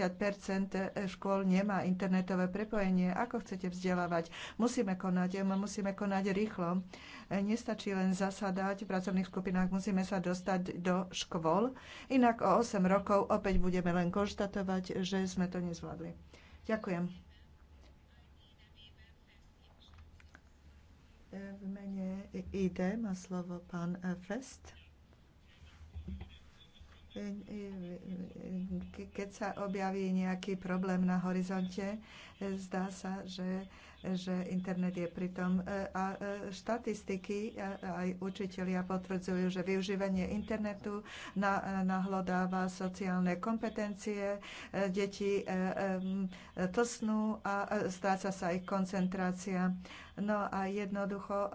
škôl nemá internetové prepojenie. Ako ako chcete vzdelávať. Musíme konať, musíme konať rýchlo. Nestačí len zasadať v pracovných skupinách, musíme sa dostať do škôl. Inak o 8 rokov opäť budeme len konštatovať, že sme to nezvládli. Ďakujem. V mene ID má slovo pán Fest keď sa objaví nejaký problém na horizonte, zdá sa, že, že internet je pritom. E, a e, štatistiky e, aj učitelia potvrdzujú, že využívanie internetu nahlodáva sociálne kompetencie, deti tlsnú a stráca sa ich koncentrácia. No a jednoducho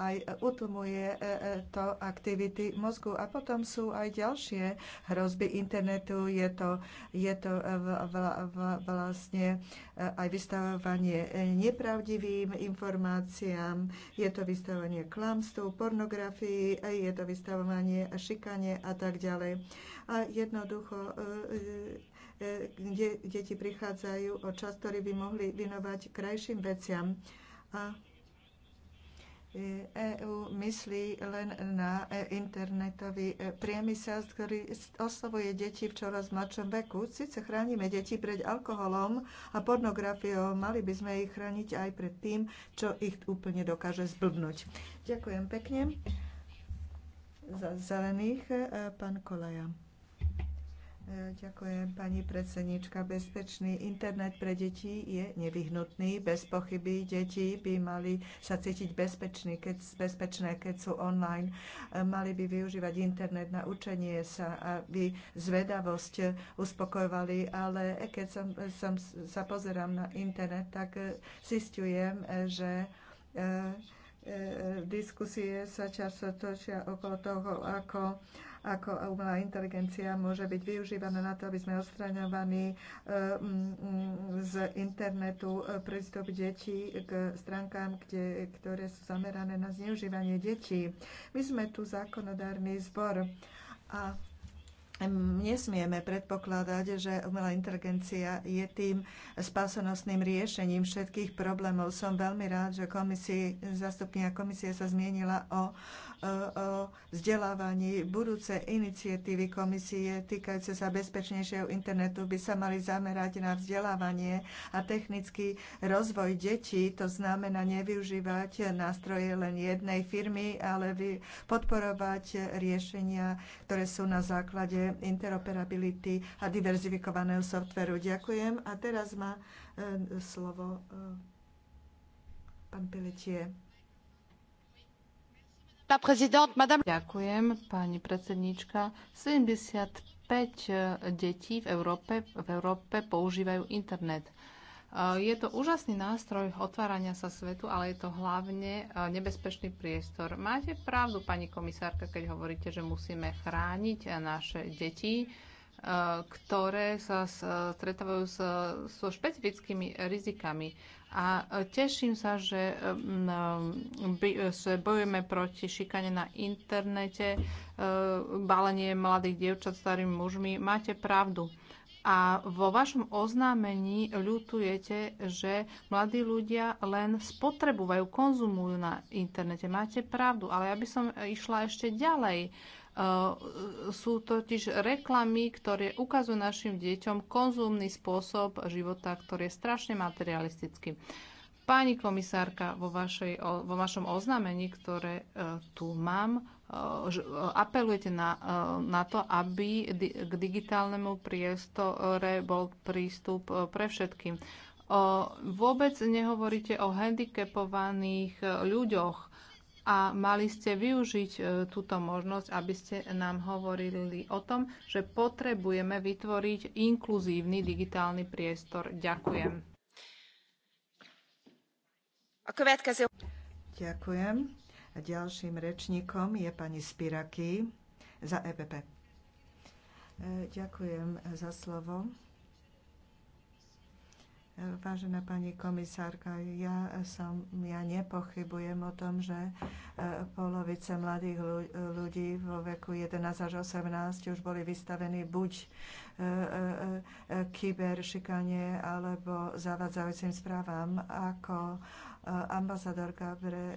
aj utlmuje e, e, to aktivity mozgu. A potom sú aj ďalšie hrozby internetu. Je to, je to vlastne e, aj vystavovanie nepravdivým informáciám, je to vystavovanie klamstvu, pornografii, je to vystavovanie šikane a tak ďalej. A jednoducho kde deti prichádzajú o čas, ktorý by mohli vinovať krajším veciam a EU e myslí len na e, internetový e, priemysel, ktorý oslovuje deti v čoraz mladšom veku. Sice chránime deti pred alkoholom a pornografiou, mali by sme ich chrániť aj pred tým, čo ich úplne dokáže zblbnúť. Ďakujem pekne. Za zelených pán Kolaja. Ďakujem, pani predsednička. Bezpečný internet pre deti je nevyhnutný. Bez pochyby deti by mali sa cítiť bezpečný, keď, bezpečné, keď sú online. Mali by využívať internet na učenie sa, aby zvedavosť uspokojovali. Ale keď som, som, sa pozerám na internet, tak zistujem, že e, e, e, diskusie sa často točia okolo toho, ako ako umelá inteligencia môže byť využívaná na to, aby sme odstraňovali eh, mm, mm, z internetu eh, prístup detí k stránkám, kde, ktoré sú zamerané na zneužívanie detí. My sme tu zákonodárny zbor a Nesmieme predpokladať, že umelá inteligencia je tým spásonosným riešením všetkých problémov. Som veľmi rád, že komisii, zastupňa komisie sa zmienila o, o vzdelávaní. Budúce iniciatívy komisie týkajúce sa bezpečnejšieho internetu by sa mali zamerať na vzdelávanie a technický rozvoj detí. To znamená nevyužívať nástroje len jednej firmy, ale podporovať riešenia, ktoré sú na základe interoperability a diverzifikovaného softveru. Ďakujem. A teraz má e, slovo e, pán Peletie. Ďakujem, pani predsedníčka. 75 e, detí v Európe, v Európe používajú internet. Eh, je to úžasný nástroj otvárania sa svetu, ale je to hlavne eh, nebezpečný priestor. Máte pravdu, pani komisárka, keď hovoríte, že musíme chrániť eh, naše deti, ktoré sa stretávajú so špecifickými rizikami. A teším sa, mm, že, bojujeme proti šikane na internete, balenie mladých dievčat starými mužmi. Máte pravdu a vo vašom oznámení ľutujete, že mladí ľudia len spotrebujú, konzumujú na internete. Máte pravdu, ale ja by som išla ešte ďalej. Uh, sú totiž reklamy, ktoré ukazujú našim deťom konzumný spôsob života, ktorý je strašne materialistický. Pani komisárka, vo, vašej, vo vašom oznámení, ktoré uh, tu mám, Eh, eh, apelujete na, eh, na to, aby k digitálnemu priestore bol prístup pre všetkým. Vôbec nehovoríte o handicapovaných ľuďoch a mali ste využiť túto možnosť, aby ste nám hovorili o tom, že potrebujeme vytvoriť inkluzívny digitálny priestor. Ďakujem. Ďakujem. Ďalším rečníkom je pani Spiraky za EPP. E, ďakujem za slovo. E, vážená pani komisárka, ja, som, ja nepochybujem o tom, že e, polovice mladých ľudí vo veku 11 až 18 už boli vystavení buď kyberšikanie alebo zavadzajúcim správam, ako ambasadorka pre e,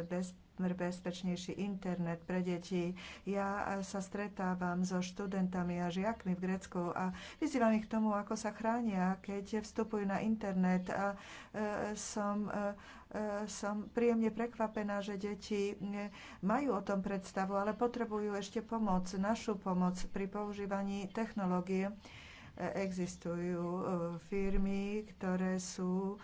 e, bezpečnosť bezpečnejší internet pre deti. Ja sa stretávam so študentami a žiakmi v Grécku a vyzývam ich k tomu, ako sa chránia, keď vstupujú na internet a e, som som príjemne prekvapená, že deti majú o tom predstavu, ale potrebujú ešte pomoc, našu pomoc pri používaní technológie. Existujú firmy, ktoré sú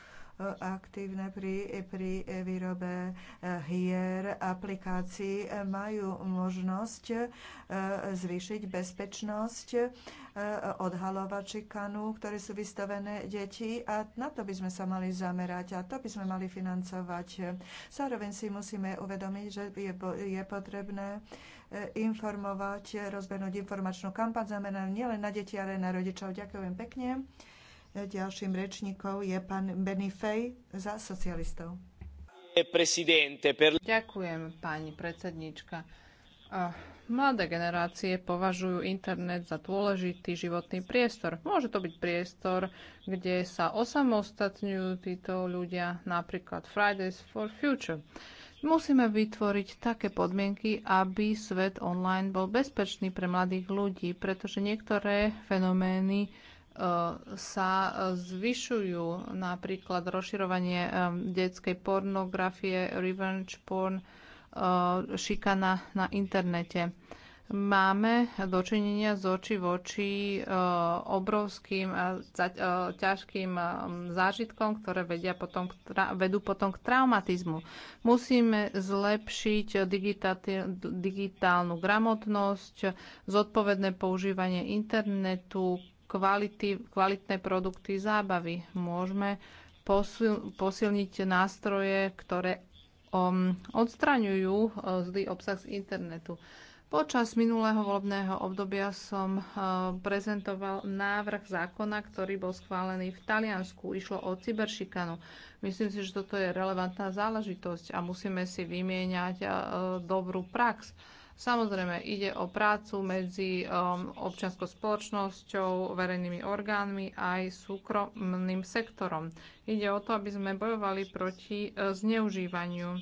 aktívne pri, pri výrobe eh, hier, aplikácií, eh, majú možnosť eh, zvýšiť bezpečnosť, odhalovať kanú, ktoré sú vystavené deti a na to by sme sa mali zamerať a to by sme mali financovať. Zároveň si musíme uvedomiť, že je, je potrebné informovať, rozbehnúť informačnú kampaň, znamená nielen na deti, ale aj na rodičov. Ďakujem pekne. Ďalším rečníkom je pán Benifej za socialistov. Ďakujem, pani predsednička. Mladé generácie považujú internet za dôležitý životný priestor. Môže to byť priestor, kde sa osamostatňujú títo ľudia, napríklad Fridays for Future. Musíme vytvoriť také podmienky, aby svet online bol bezpečný pre mladých ľudí, pretože niektoré fenomény E, sa zvyšujú napríklad rozširovanie e, detskej pornografie, revenge porn, e, šikana na internete. Máme dočinenia z oči v oči obrovským a ťažkým zážitkom, ktoré vedia potom vedú potom k traumatizmu. Musíme zlepšiť digitálnu gramotnosť, zodpovedné používanie internetu, kvality, kvalitné produkty zábavy. Môžeme posil, posilniť nástroje, ktoré um, odstraňujú uh, zlý obsah z internetu. Počas minulého volebného obdobia som uh, prezentoval návrh zákona, ktorý bol schválený v Taliansku. Išlo o cyberšikanu. Myslím si, že toto je relevantná záležitosť a musíme si vymieňať uh, dobrú prax. Uh, Samozrejme, ide o prácu medzi um, občianskou spoločnosťou, verejnými orgánmi aj súkromným sektorom. Ide o to, aby sme bojovali proti uh, zneužívaniu.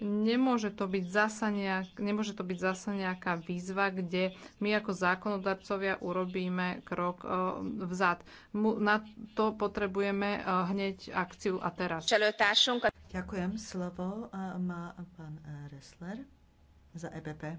Nemôže to, byť zasa nejak, nemôže to byť zasa nejaká výzva, kde my ako zákonodarcovia urobíme krok uh, vzad. Mu, na to potrebujeme uh, hneď akciu a teraz. Ďakujem. Slovo má pán Ressler za EPP.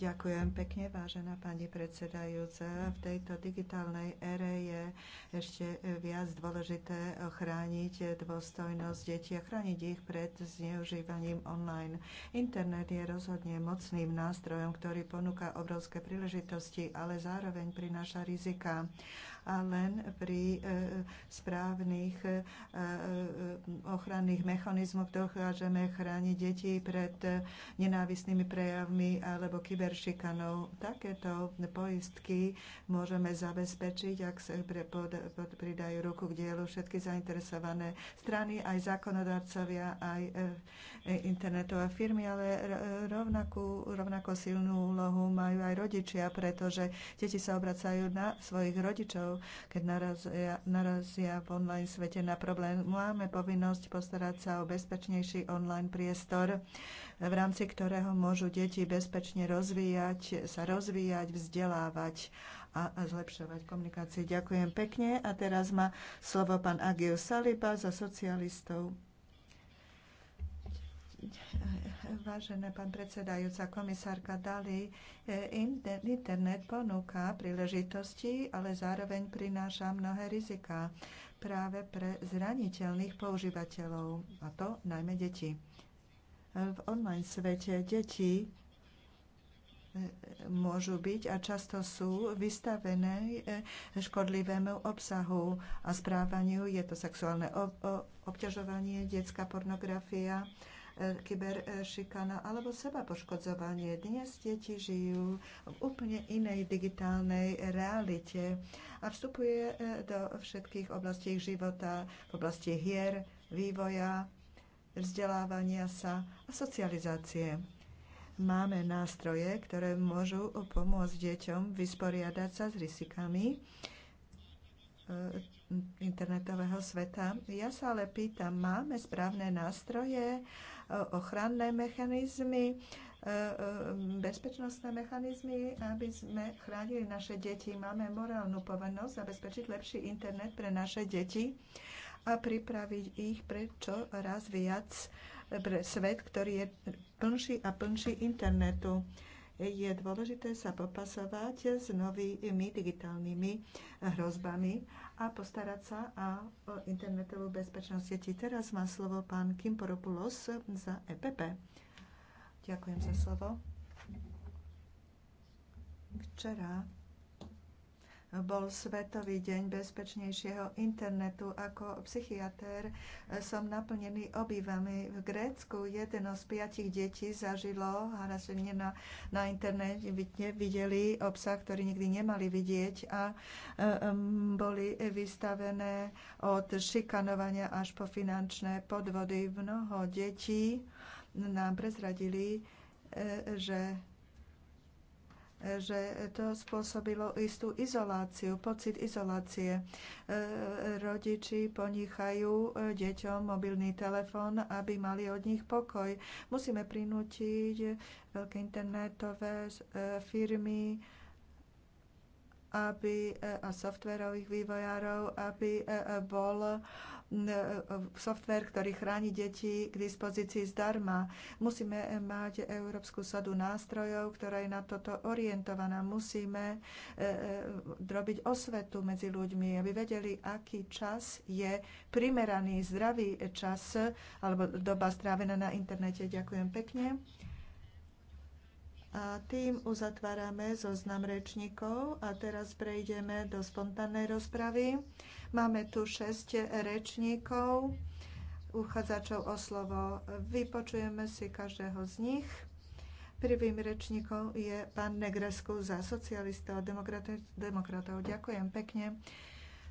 Ďakujem pekne, vážená pani predsedajúca. V tejto digitálnej ére je ešte viac dôležité chrániť dôstojnosť detí a chrániť ich pred zneužívaním online. Internet je rozhodne mocným nástrojom, ktorý ponúka obrovské príležitosti, ale zároveň prináša rizika. A len pri e, správnych e, e, ochranných mechanizmoch dokážeme chrániť deti pred nenávisnými prejavmi alebo kyber šikanov. Takéto poistky môžeme zabezpečiť, ak sa pod, pod, pridajú ruku k dielu všetky zainteresované strany, aj zákonodarcovia, aj e, e, internetové firmy, ale rovnakú, rovnako silnú úlohu majú aj rodičia, pretože deti sa obracajú na svojich rodičov, keď narazia, narazia v online svete na problém. Máme povinnosť postarať sa o bezpečnejší online priestor v rámci ktorého môžu deti bezpečne rozvíjať, sa rozvíjať, vzdelávať a, a zlepšovať komunikáciu. Ďakujem pekne. A teraz má slovo pán Agil Saliba za socialistov. Vážená pán predsedajúca komisárka Dali, e, internet ponúka príležitosti, ale zároveň prináša mnohé rizika práve pre zraniteľných používateľov, a to najmä deti v online svete deti e, môžu byť a často sú vystavené e, škodlivému obsahu a správaniu. Je to sexuálne obťažovanie, detská pornografia, e, kyberšikana alebo seba poškodzovanie. Dnes deti žijú v úplne inej digitálnej realite a vstupuje do všetkých oblastí života, v oblasti hier, vývoja, vzdelávania sa a socializácie. Máme nástroje, ktoré môžu pomôcť deťom vysporiadať sa s rizikami eh, internetového sveta. Ja sa ale pýtam, máme správne nástroje, eh, ochranné mechanizmy, eh, bezpečnostné mechanizmy, aby sme chránili naše deti. Máme morálnu povinnosť zabezpečiť lepší internet pre naše deti a pripraviť ich pre čo raz viac pre svet, ktorý je plnší a plnší internetu. Je dôležité sa popasovať s novými digitálnymi hrozbami a postarať sa a o internetovú bezpečnosť sieti. Teraz má slovo pán Kim Poropulos za EPP. Ďakujem za slovo. Včera bol Svetový deň bezpečnejšieho internetu. Ako psychiatr e, som naplnený obývami. V Grécku jedno z piatich detí zažilo harasenie na, na internete, videli obsah, ktorý nikdy nemali vidieť a um, boli vystavené od šikanovania až po finančné podvody. Mnoho detí nám prezradili, e, že že to spôsobilo istú izoláciu, pocit izolácie. E, rodiči ponichajú e, deťom mobilný telefón, aby mali od nich pokoj. Musíme prinútiť e, veľké internetové firmy, aby, a softverových vývojárov, aby bol software, ktorý chráni deti k dispozícii zdarma. Musíme mať Európsku sadu nástrojov, ktorá je na toto orientovaná. Musíme e, e, robiť osvetu medzi ľuďmi, aby vedeli, aký čas je primeraný, zdravý čas alebo doba strávená na internete. Ďakujem pekne. A tým uzatvárame zoznam rečníkov a teraz prejdeme do spontánnej rozpravy. Máme tu šest rečníkov, uchádzačov o slovo. Vypočujeme si každého z nich. Prvým rečníkom je pán Negresku za socialistov a demokratov. Ďakujem pekne.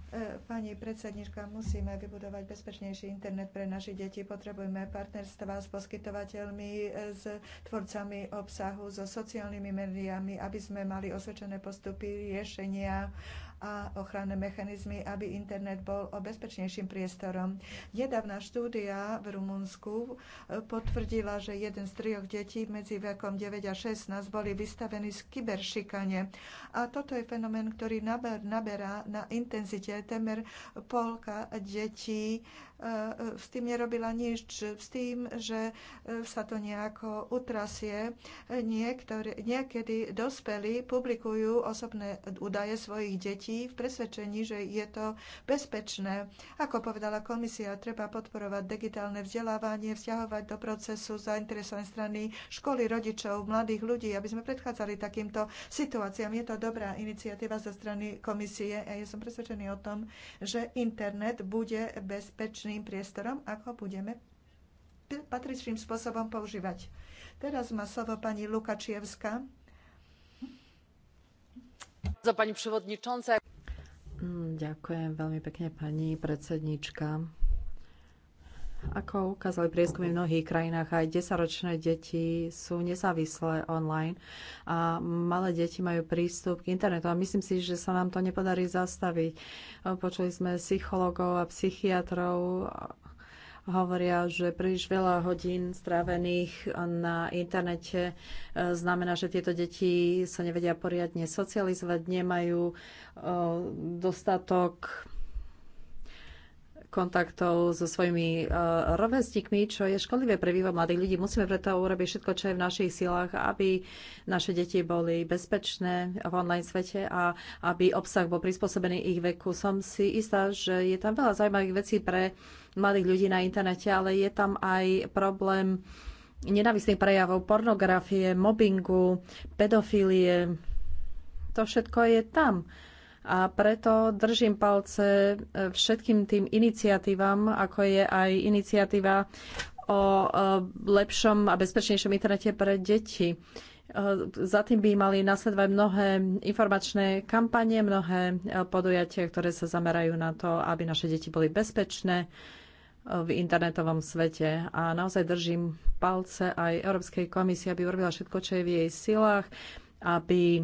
E, pani predsedníčka, musíme vybudovať bezpečnejší internet pre naše deti. Potrebujeme partnerstva s poskytovateľmi, e, s tvorcami obsahu, so sociálnymi médiami, aby sme mali osvedčené postupy riešenia a ochranné mechanizmy, aby internet bol bezpečnejším priestorom. Nedávna štúdia v Rumunsku e, potvrdila, že jeden z trioch detí medzi vekom 9 a 16 boli vystavení z kyberšikane. A toto je fenomén, ktorý naberá na intenzite. Temer polka detí E, s tým nerobila nič, s tým, že e, sa to nejako utrasie. E, Niektorí, niekedy dospelí publikujú osobné údaje svojich detí v presvedčení, že je to bezpečné. Ako povedala komisia, treba podporovať digitálne vzdelávanie, vzťahovať do procesu zainteresované strany školy, rodičov, mladých ľudí, aby sme predchádzali takýmto situáciám. Je to dobrá iniciatíva zo strany komisie a ja som presvedčený o tom, že internet bude bezpečný patričným priestorom, ako budeme patričným spôsobom používať. Teraz má slovo pani Lukačievska. Pani mm, Ďakujem veľmi pekne, pani predsednička. Ako ukázali prieskumy v mnohých krajinách, aj 10-ročné deti sú nezávislé online a malé deti majú prístup k internetu. A myslím si, že sa nám to nepodarí zastaviť. Počuli sme psychologov a psychiatrov, hovoria, že príliš veľa hodín strávených na internete e, znamená, že tieto deti sa nevedia poriadne socializovať, nemajú e, dostatok kontaktov so svojimi e, rovestíkmi, čo je škodlivé pre vývoj mladých ľudí. Musíme preto urobiť všetko, čo je v našich silách, aby naše deti boli bezpečné v online svete a aby obsah bol prispôsobený ich veku. Som si istá, že je tam veľa zaujímavých vecí pre mladých ľudí na internete, ale je tam aj problém nenavistných prejavov, pornografie, mobbingu, pedofilie. To všetko je tam a preto držím palce e, všetkým tým iniciatívam, ako je aj iniciatíva o e, lepšom a bezpečnejšom internete pre deti. E, za tým by mali nasledovať mnohé informačné kampanie, mnohé podujatia, ktoré sa zamerajú na to, aby naše deti boli bezpečné v internetovom svete. A naozaj držím palce aj Európskej komisii, aby urobila všetko, čo je v jej silách, aby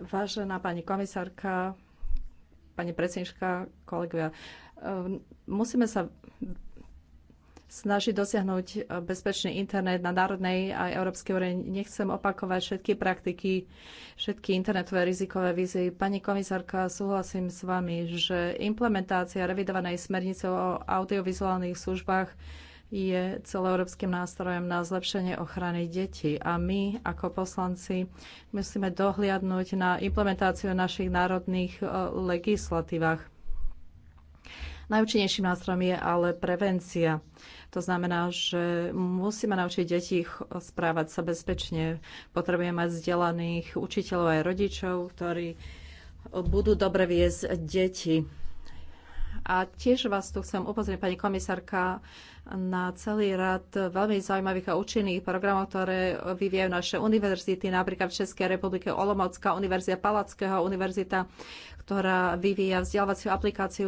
Vážená pani komisárka, pani predsednička, kolegovia, ehm, musíme sa snažiť dosiahnuť bezpečný internet na národnej a európskej úrovni. Nechcem opakovať všetky praktiky, všetky internetové rizikové vízy. Pani komisárka, súhlasím s vami, že implementácia revidovanej smernice o audiovizuálnych službách je celoeurópskym nástrojem na zlepšenie ochrany detí a my ako poslanci musíme dohliadnúť na implementáciu našich národných e, legislatívach. Najúčinnejším nástrojom je ale prevencia. To znamená, že musíme naučiť deti správať sa bezpečne. Potrebujeme mať vzdelaných učiteľov aj rodičov, ktorí budú dobre viesť deti a tiež vás tu chcem upozorniť, pani komisárka, na celý rad veľmi zaujímavých a účinných programov, ktoré vyvíjajú naše univerzity, napríklad v Českej republike Olomocká Univerzia Palackého, univerzita, ktorá vyvíja vzdelávaciu aplikáciu